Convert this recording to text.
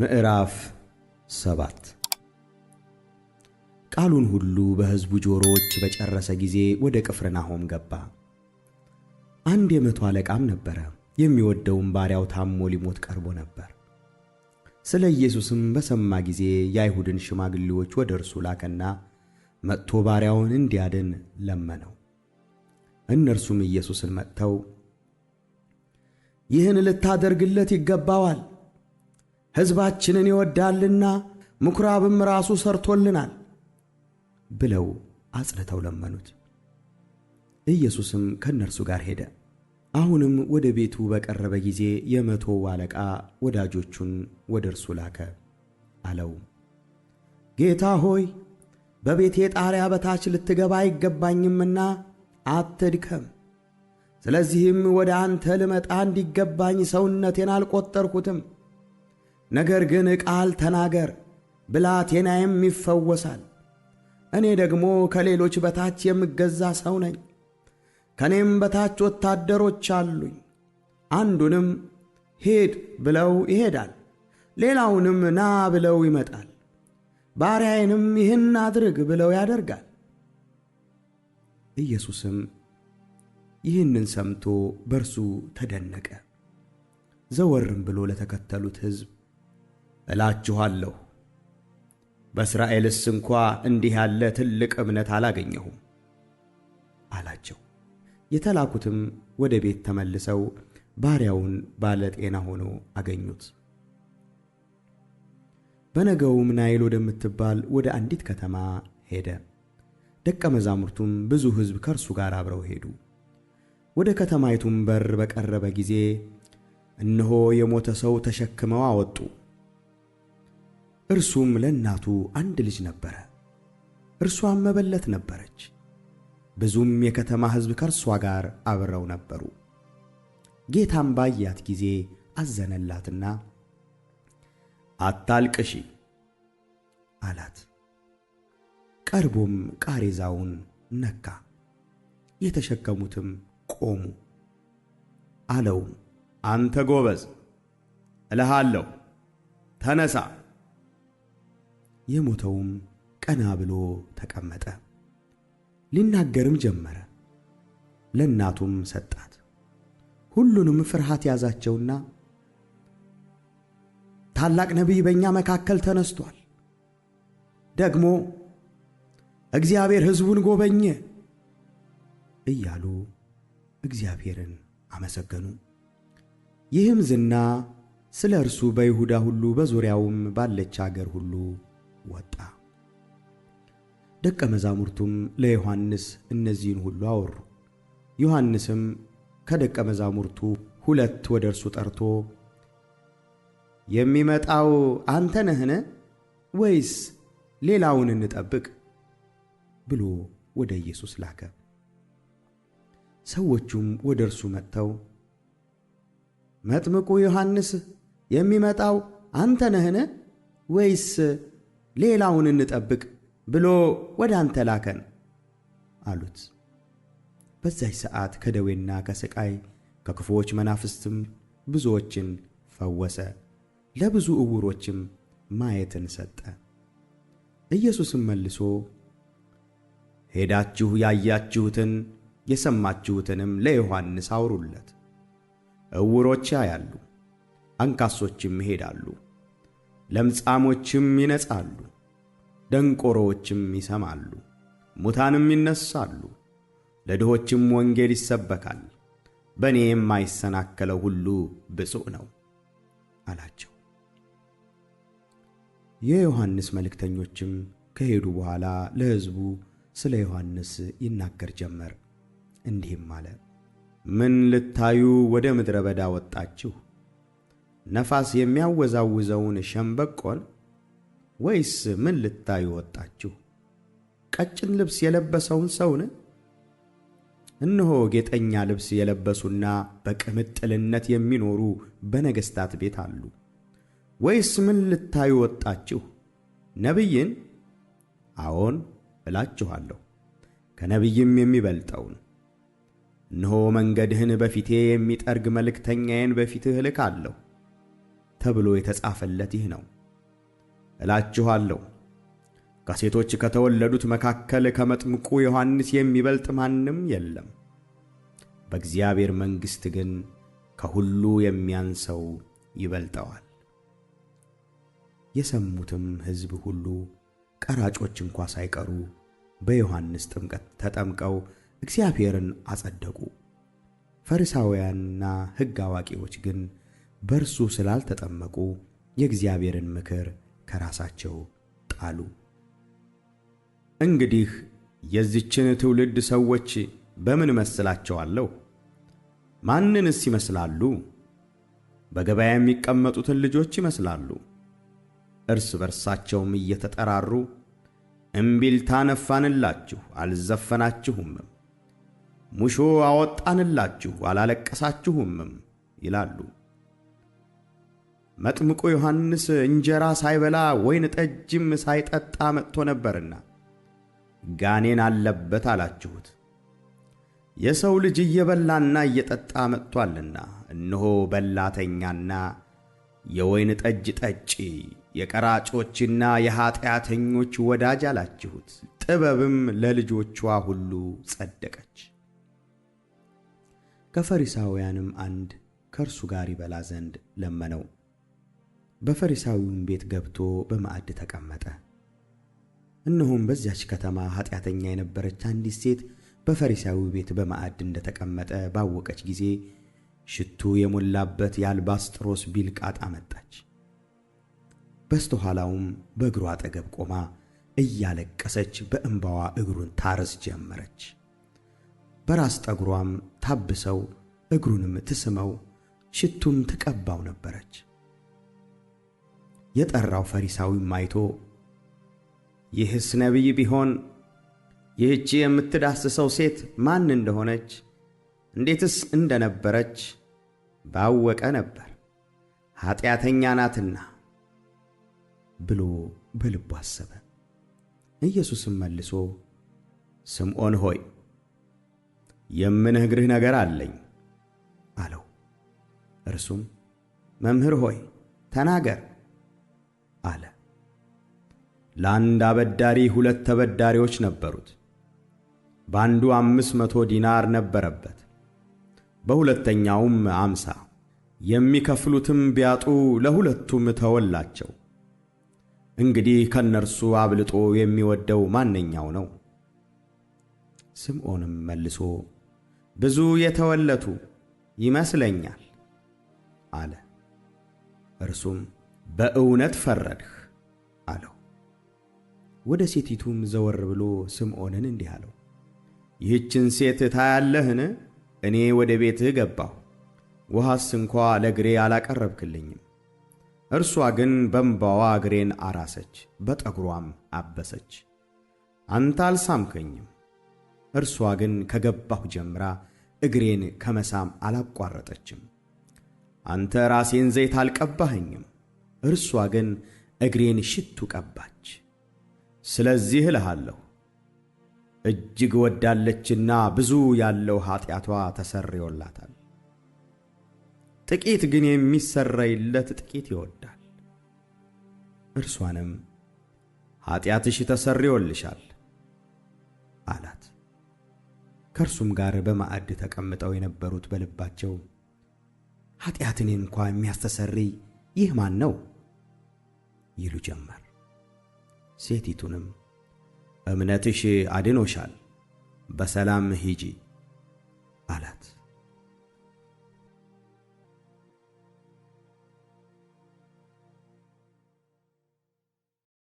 ምዕራፍ ሰባት ቃሉን ሁሉ በሕዝቡ ጆሮዎች በጨረሰ ጊዜ ወደ ቅፍርናሆም ገባ። አንድ የመቶ አለቃም ነበረ፤ የሚወደውም ባሪያው ታሞ ሊሞት ቀርቦ ነበር። ስለ ኢየሱስም በሰማ ጊዜ የአይሁድን ሽማግሌዎች ወደ እርሱ ላከና መጥቶ ባሪያውን እንዲያድን ለመነው። እነርሱም ኢየሱስን መጥተው ይህን ልታደርግለት ይገባዋል ሕዝባችንን ይወዳልና ምኵራብም ራሱ ሠርቶልናል ብለው አጽንተው ለመኑት። ኢየሱስም ከእነርሱ ጋር ሄደ። አሁንም ወደ ቤቱ በቀረበ ጊዜ የመቶ አለቃ ወዳጆቹን ወደ እርሱ ላከ፣ አለው ጌታ ሆይ በቤቴ ጣሪያ በታች ልትገባ አይገባኝምና አትድከም። ስለዚህም ወደ አንተ ልመጣ እንዲገባኝ ሰውነቴን አልቈጠርሁትም። ነገር ግን ቃል ተናገር፣ ብላቴናዬም ይፈወሳል። እኔ ደግሞ ከሌሎች በታች የምገዛ ሰው ነኝ፣ ከእኔም በታች ወታደሮች አሉኝ። አንዱንም ሂድ ብለው ይሄዳል፣ ሌላውንም ና ብለው ይመጣል፣ ባሪያዬንም ይህን አድርግ ብለው ያደርጋል። ኢየሱስም ይህንን ሰምቶ በርሱ ተደነቀ። ዘወርም ብሎ ለተከተሉት ሕዝብ እላችኋለሁ፣ በእስራኤልስ እንኳ እንዲህ ያለ ትልቅ እምነት አላገኘሁም አላቸው። የተላኩትም ወደ ቤት ተመልሰው ባሪያውን ባለ ጤና ሆኖ አገኙት። በነገውም ናይል ወደምትባል ወደ አንዲት ከተማ ሄደ። ደቀ መዛሙርቱም ብዙ ሕዝብ ከእርሱ ጋር አብረው ሄዱ። ወደ ከተማይቱም በር በቀረበ ጊዜ እነሆ የሞተ ሰው ተሸክመው አወጡ። እርሱም ለእናቱ አንድ ልጅ ነበረ፣ እርሷም መበለት ነበረች። ብዙም የከተማ ሕዝብ ከእርሷ ጋር አብረው ነበሩ። ጌታም ባያት ጊዜ አዘነላትና አታልቅሺ አላት። ቀርቦም ቃሬዛውን ነካ፣ የተሸከሙትም ቆሙ። አለውም አንተ ጎበዝ እልሃለሁ፣ ተነሳ የሞተውም ቀና ብሎ ተቀመጠ። ሊናገርም ጀመረ። ለእናቱም ሰጣት። ሁሉንም ፍርሃት ያዛቸውና ታላቅ ነቢይ በእኛ መካከል ተነስቷል፣ ደግሞ እግዚአብሔር ሕዝቡን ጎበኘ እያሉ እግዚአብሔርን አመሰገኑ። ይህም ዝና ስለ እርሱ በይሁዳ ሁሉ በዙሪያውም ባለች አገር ሁሉ ወጣ። ደቀ መዛሙርቱም ለዮሐንስ እነዚህን ሁሉ አወሩ። ዮሐንስም ከደቀ መዛሙርቱ ሁለት ወደ እርሱ ጠርቶ የሚመጣው አንተ ነህን? ወይስ ሌላውን እንጠብቅ? ብሎ ወደ ኢየሱስ ላከ። ሰዎቹም ወደ እርሱ መጥተው መጥምቁ ዮሐንስ የሚመጣው አንተ ነህን? ወይስ ሌላውን እንጠብቅ ብሎ ወደ አንተ ላከን አሉት። በዚያች ሰዓት ከደዌና ከሥቃይ ከክፉዎች መናፍስትም ብዙዎችን ፈወሰ፣ ለብዙ ዕውሮችም ማየትን ሰጠ። ኢየሱስም መልሶ ሄዳችሁ ያያችሁትን የሰማችሁትንም ለዮሐንስ አውሩለት። ዕውሮች ያያሉ፣ አንካሶችም ይሄዳሉ ለምጻሞችም ይነጻሉ፣ ደንቆሮዎችም ይሰማሉ፣ ሙታንም ይነሳሉ፣ ለድሆችም ወንጌል ይሰበካል። በእኔ የማይሰናከለው ሁሉ ብፁዕ ነው አላቸው። የዮሐንስ መልእክተኞችም ከሄዱ በኋላ ለሕዝቡ ስለ ዮሐንስ ይናገር ጀመር፣ እንዲህም አለ፦ ምን ልታዩ ወደ ምድረ በዳ ወጣችሁ? ነፋስ የሚያወዛውዘውን ሸምበቆን ወይስ ምን ልታዩ ወጣችሁ? ቀጭን ልብስ የለበሰውን ሰውን? እነሆ ጌጠኛ ልብስ የለበሱና በቅምጥልነት የሚኖሩ በነገሥታት ቤት አሉ። ወይስ ምን ልታዩ ወጣችሁ? ነቢይን? አዎን እላችኋለሁ፣ ከነቢይም የሚበልጠውን። እነሆ መንገድህን በፊቴ የሚጠርግ መልእክተኛዬን በፊትህ እልካለሁ ተብሎ የተጻፈለት ይህ ነው። እላችኋለሁ ከሴቶች ከተወለዱት መካከል ከመጥምቁ ዮሐንስ የሚበልጥ ማንም የለም። በእግዚአብሔር መንግሥት ግን ከሁሉ የሚያንሰው ይበልጠዋል። የሰሙትም ሕዝብ ሁሉ ቀራጮች እንኳ ሳይቀሩ በዮሐንስ ጥምቀት ተጠምቀው እግዚአብሔርን አጸደቁ። ፈሪሳውያንና ሕግ አዋቂዎች ግን በእርሱ ስላልተጠመቁ የእግዚአብሔርን ምክር ከራሳቸው ጣሉ። እንግዲህ የዚችን ትውልድ ሰዎች በምን እመስላቸዋለሁ? ማንንስ ይመስላሉ? በገበያ የሚቀመጡትን ልጆች ይመስላሉ። እርስ በርሳቸውም እየተጠራሩ እምቢልታ ነፋንላችሁ አልዘፈናችሁምም፣ ሙሾ አወጣንላችሁ አላለቀሳችሁምም ይላሉ። መጥምቁ ዮሐንስ እንጀራ ሳይበላ ወይን ጠጅም ሳይጠጣ መጥቶ ነበርና ጋኔን አለበት አላችሁት። የሰው ልጅ እየበላና እየጠጣ መጥቶአልና፣ እነሆ በላተኛና የወይን ጠጅ ጠጪ፣ የቀራጮችና የኀጢአተኞች ወዳጅ አላችሁት። ጥበብም ለልጆቿ ሁሉ ጸደቀች። ከፈሪሳውያንም አንድ ከእርሱ ጋር ይበላ ዘንድ ለመነው። በፈሪሳዊውም ቤት ገብቶ በማዕድ ተቀመጠ። እነሆም በዚያች ከተማ ኃጢአተኛ የነበረች አንዲት ሴት በፈሪሳዊው ቤት በማዕድ እንደተቀመጠ ባወቀች ጊዜ ሽቱ የሞላበት የአልባስጥሮስ ቢልቃጥ አመጣች። በስተኋላውም በእግሩ አጠገብ ቆማ እያለቀሰች በእንባዋ እግሩን ታርስ ጀመረች። በራስ ጠጉሯም ታብሰው እግሩንም ትስመው ሽቱም ትቀባው ነበረች። የጠራው ፈሪሳዊም አይቶ ይህስ ነቢይ ቢሆን ይህች የምትዳስሰው ሴት ማን እንደሆነች እንዴትስ እንደነበረች ባወቀ ነበር፣ ኀጢአተኛ ናትና ብሎ በልቡ አሰበ። ኢየሱስም መልሶ ስምዖን ሆይ የምነግርህ ነገር አለኝ አለው። እርሱም መምህር ሆይ ተናገር አለ። ለአንድ አበዳሪ ሁለት ተበዳሪዎች ነበሩት። በአንዱ አምስት መቶ ዲናር ነበረበት፣ በሁለተኛውም አምሳ። የሚከፍሉትም ቢያጡ ለሁለቱም ተወላቸው። እንግዲህ ከእነርሱ አብልጦ የሚወደው ማንኛው ነው? ስምዖንም መልሶ ብዙ የተወለቱ ይመስለኛል አለ። እርሱም በእውነት ፈረድህ አለው። ወደ ሴቲቱም ዘወር ብሎ ስምዖንን እንዲህ አለው፣ ይህችን ሴት ታያለህን? እኔ ወደ ቤትህ ገባሁ፣ ውሃስ እንኳ ለእግሬ አላቀረብክልኝም። እርሷ ግን በምባዋ እግሬን አራሰች፣ በጠጉሯም አበሰች። አንተ አልሳምከኝም። እርሷ ግን ከገባሁ ጀምራ እግሬን ከመሳም አላቋረጠችም። አንተ ራሴን ዘይት አልቀባኸኝም እርሷ ግን እግሬን ሽቱ ቀባች። ስለዚህ እልሃለሁ እጅግ ወዳለችና ብዙ ያለው ኃጢአቷ ተሰርዮላታል። ጥቂት ግን የሚሰረይለት ጥቂት ይወዳል። እርሷንም ኃጢአትሽ ተሰርዮልሻል አላት። ከእርሱም ጋር በማዕድ ተቀምጠው የነበሩት በልባቸው ኃጢአትን እንኳ የሚያስተሰርይ ይህ ማን ነው ይሉ ጀመር። ሴቲቱንም እምነትሽ አድኖሻል፣ በሰላም ሂጂ አላት።